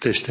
Test,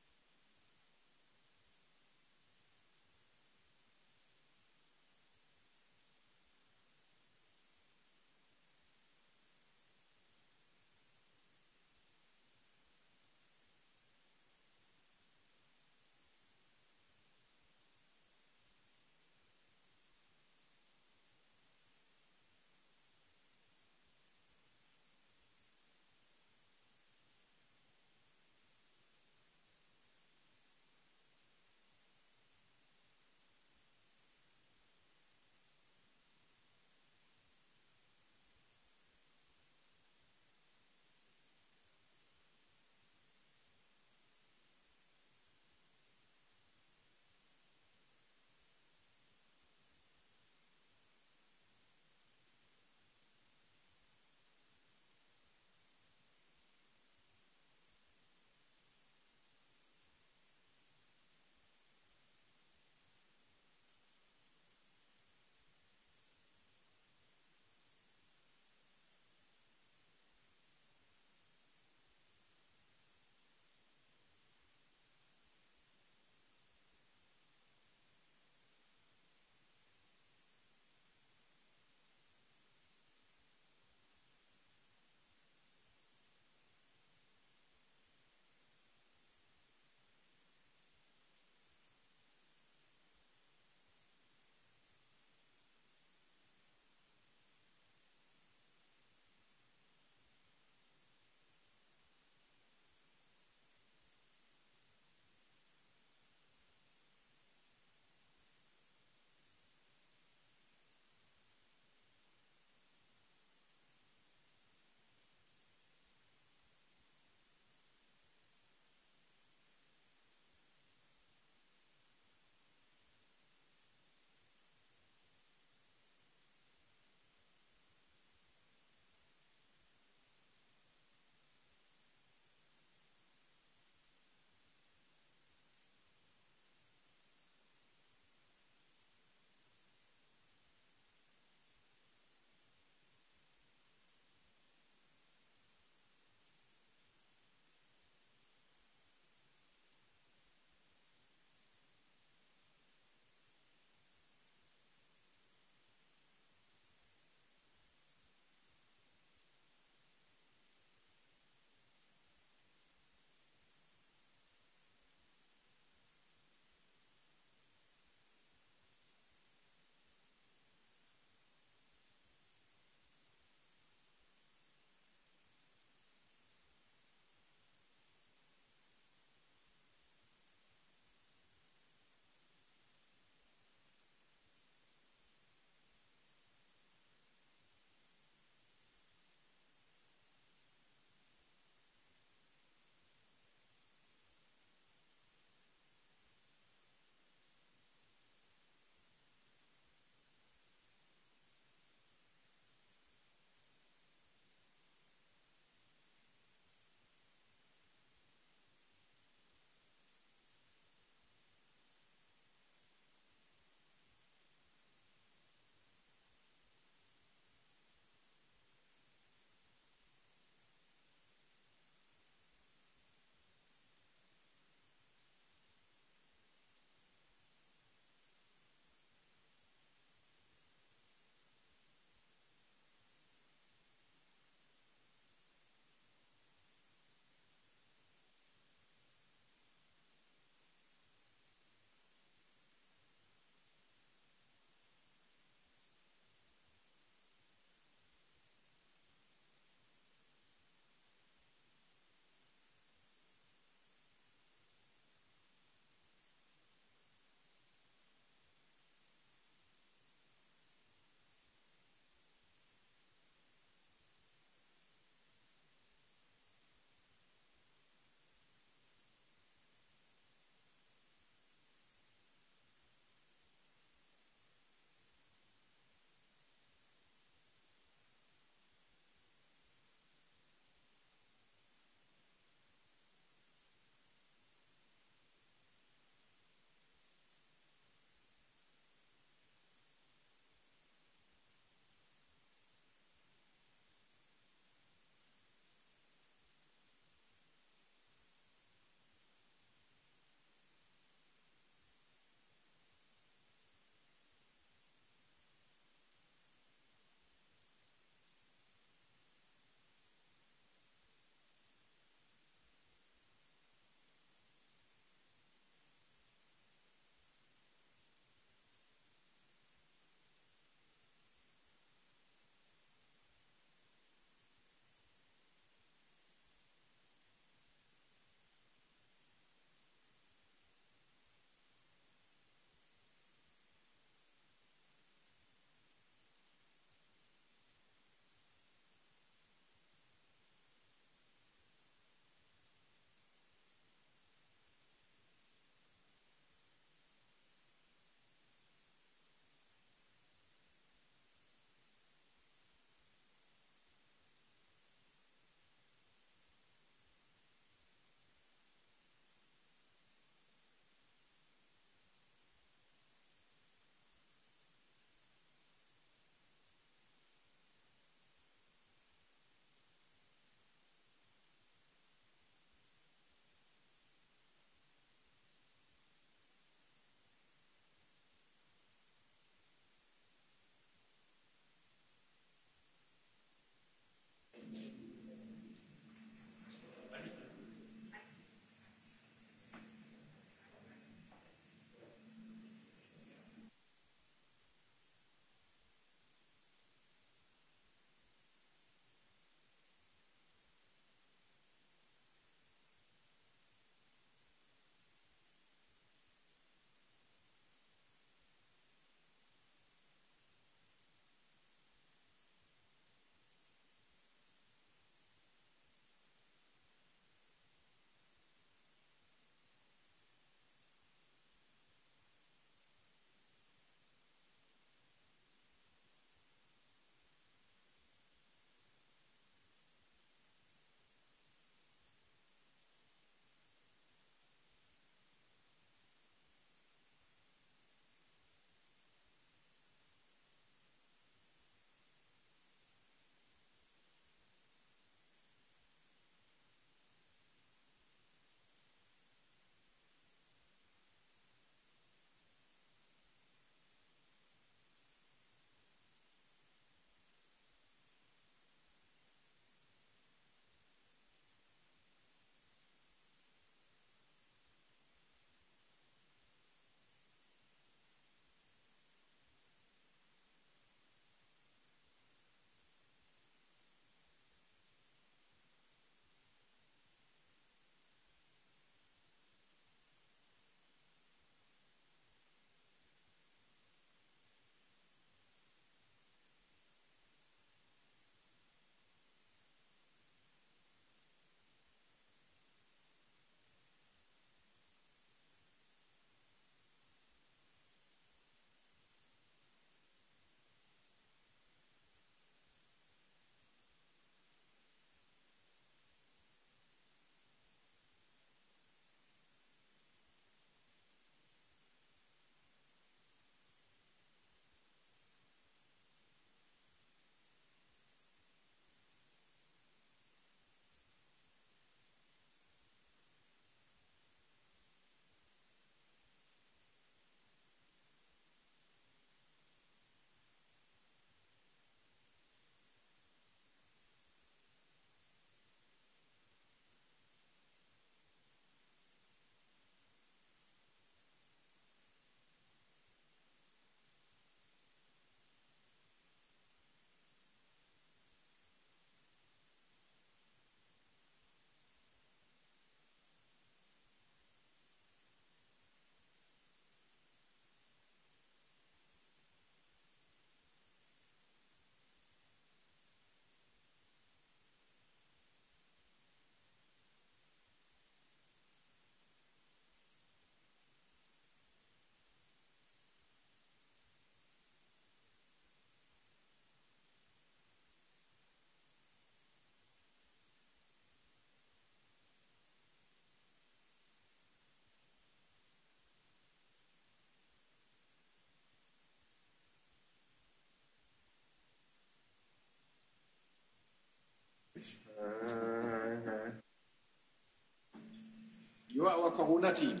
aber Corona Team.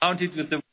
counted with the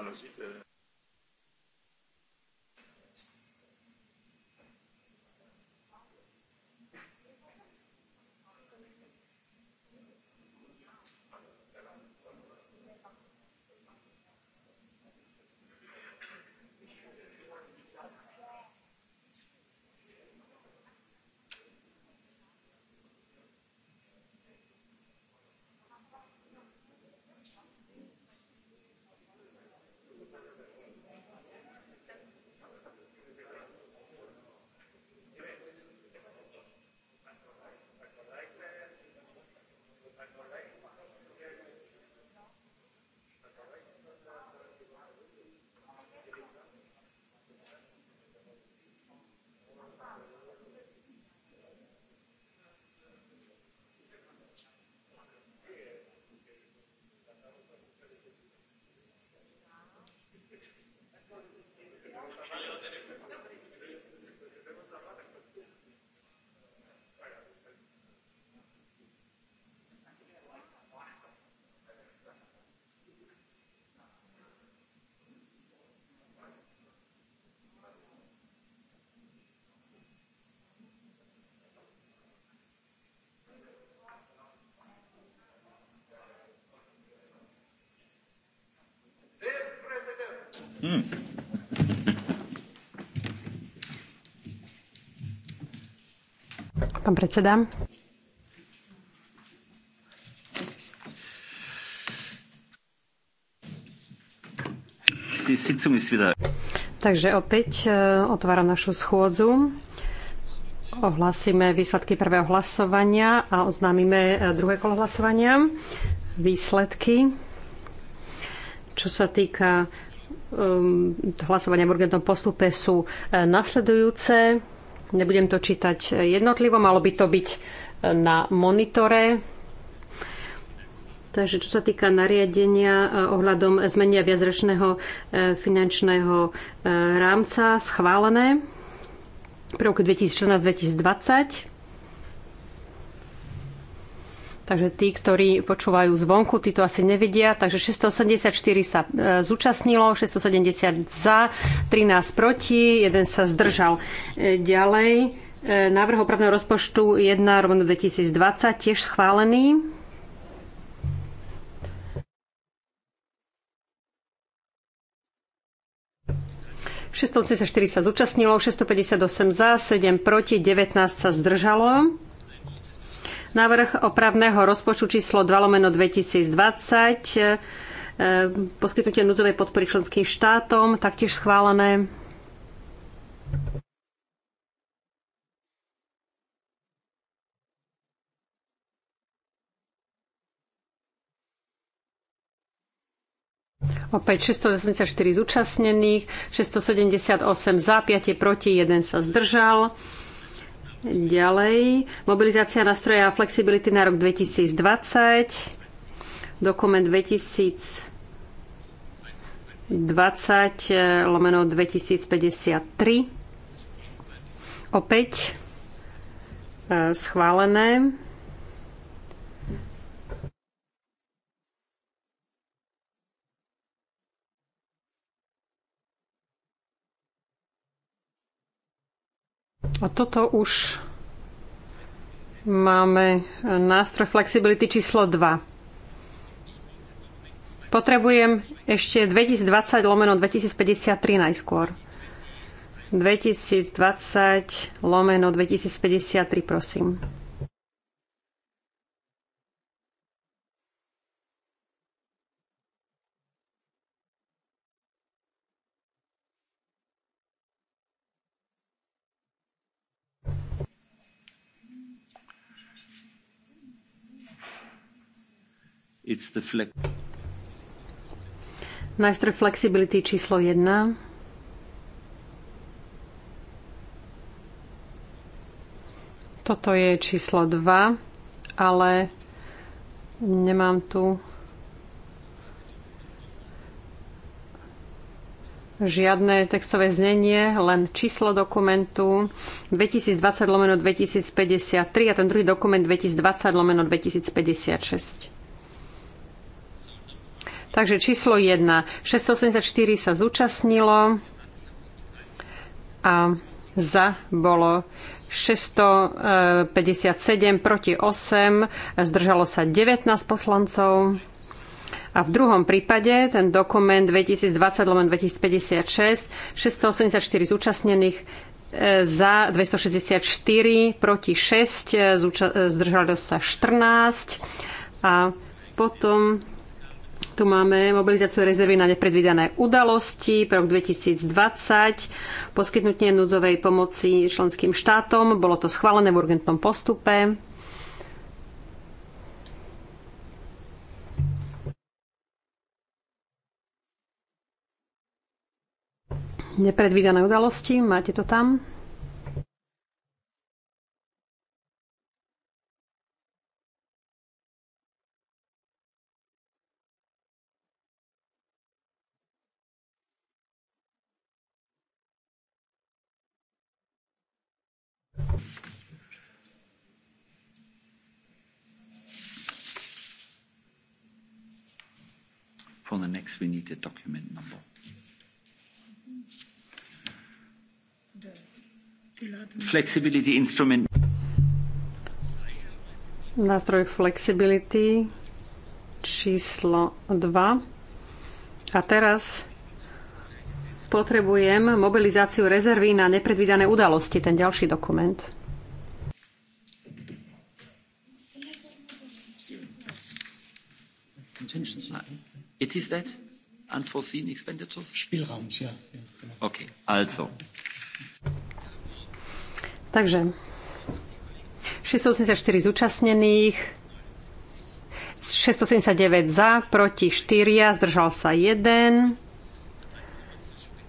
analyse Hmm. Pán predseda. Takže opäť e, otváram našu schôdzu. Ohlasíme výsledky prvého hlasovania a oznámime e, druhé kolo hlasovania. Výsledky. Čo sa týka Ehm, hlasovania v urgentnom postupe sú e, nasledujúce. Nebudem to čítať jednotlivo, malo by to byť e, na monitore. Takže čo sa týka nariadenia e, ohľadom zmenia viacročného finančného rámca schválené v roku 2014-2020, Takže tí, ktorí počúvajú zvonku, tí to asi nevidia. Takže 684 sa e, zúčastnilo, 670 za, 13 proti, jeden sa zdržal. E, ďalej, e, návrh opravného rozpočtu 1 rovno 2020 tiež schválený. V sa zúčastnilo, 658 za, 7 proti, 19 sa zdržalo. Návrh opravného rozpočtu číslo 2 lomeno 2020, e, poskytnutie núdzovej podpory členským štátom, taktiež schválené. Opäť 684 zúčastnených, 678 za, 5 proti, 1 sa zdržal. Ďalej, mobilizácia nástroja a flexibility na rok 2020, dokument 2020 eh, lomeno 2053. Opäť eh, schválené. A toto už máme nástroj flexibility číslo 2. Potrebujem ešte 2020 lomeno 2053 najskôr. 2020 lomeno 2053, prosím. It's the flex- flexibility číslo 1. Toto je číslo 2, ale nemám tu žiadne textové znenie, len číslo dokumentu 2020 lomeno 2053 a ten druhý dokument 2020 lomeno 2056. Takže číslo 1. 684 sa zúčastnilo a za bolo 657 e, proti 8, zdržalo sa 19 poslancov. A v druhom prípade ten dokument 2020 2056, 684 zúčastnených e, za 264 proti 6, e, zdržalo sa 14 a potom tu máme mobilizáciu rezervy na nepredvídané udalosti pre rok 2020, poskytnutie núdzovej pomoci členským štátom. Bolo to schválené v urgentnom postupe. Nepredvídané udalosti, máte to tam? For the next, we need a document number. Flexibility instrument. Nástroj flexibility číslo 2. A teraz potrebujem mobilizáciu rezervy na nepredvídané udalosti, ten ďalší dokument. What is that? Unforeseen expenditures? Spielraums, ja. Okay, also. Takže 684 zúčastnených, 679 za, proti 4, zdržal sa 1.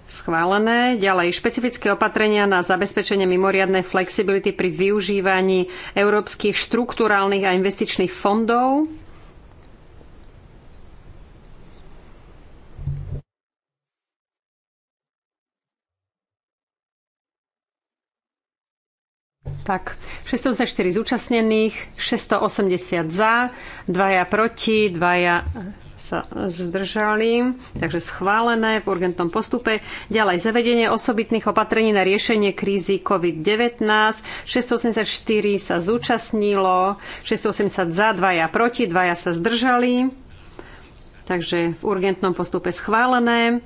Schválené. Ďalej, špecifické opatrenia na zabezpečenie mimoriadnej flexibility pri využívaní európskych štrukturálnych a investičných fondov. Tak, 624 zúčastnených, 680 za, dvaja proti, dvaja sa zdržali, takže schválené v urgentnom postupe. Ďalej zavedenie osobitných opatrení na riešenie krízy COVID-19. 684 sa zúčastnilo, 680 za, dvaja proti, dvaja sa zdržali. Takže v urgentnom postupe schválené.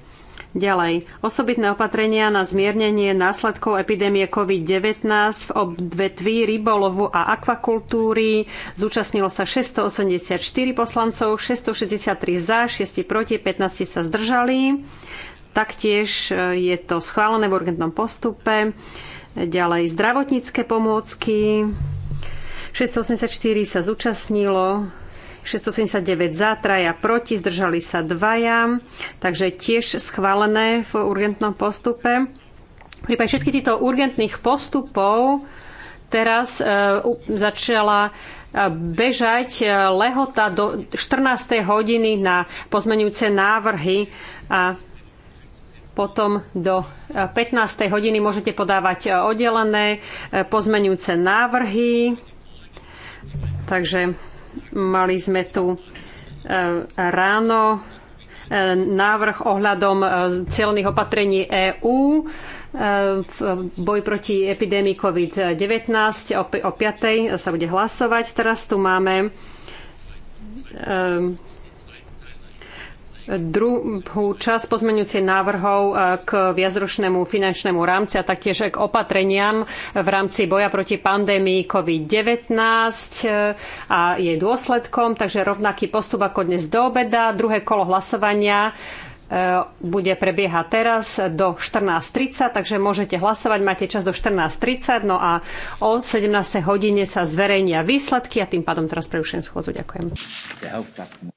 Ďalej, osobitné opatrenia na zmiernenie následkov epidémie COVID-19 v obdvetví rybolovu a akvakultúry. Zúčastnilo sa 684 poslancov, 663 za, 6 proti, 15 sa zdržali. Taktiež e, je to schválené v urgentnom postupe. Ďalej zdravotnícke pomôcky. 684 sa zúčastnilo, 679 za, traja proti, zdržali sa dvaja, takže tiež schválené v urgentnom postupe. V prípade všetkých týchto urgentných postupov teraz e, začala e, bežať e, lehota do 14. hodiny na pozmenujúce návrhy a potom do 15. hodiny môžete podávať oddelené pozmenujúce návrhy. Takže Mali sme tu e, ráno e, návrh ohľadom e, celných opatrení EÚ v boji proti epidémii COVID-19. O 5. sa bude hlasovať. Teraz tu máme druhú časť pozmeňujúcich návrhov e, k viacročnému finančnému rámci a taktiež e, k opatreniam v rámci boja proti pandémii COVID-19 e, a jej dôsledkom. Takže rovnaký postup ako dnes do obeda. Druhé kolo hlasovania bude prebiehať teraz do 14.30, takže môžete hlasovať, máte čas do 14.30, no a o 17. hodine sa zverejnia výsledky a tým pádom teraz preruším schôdzu. Ďakujem.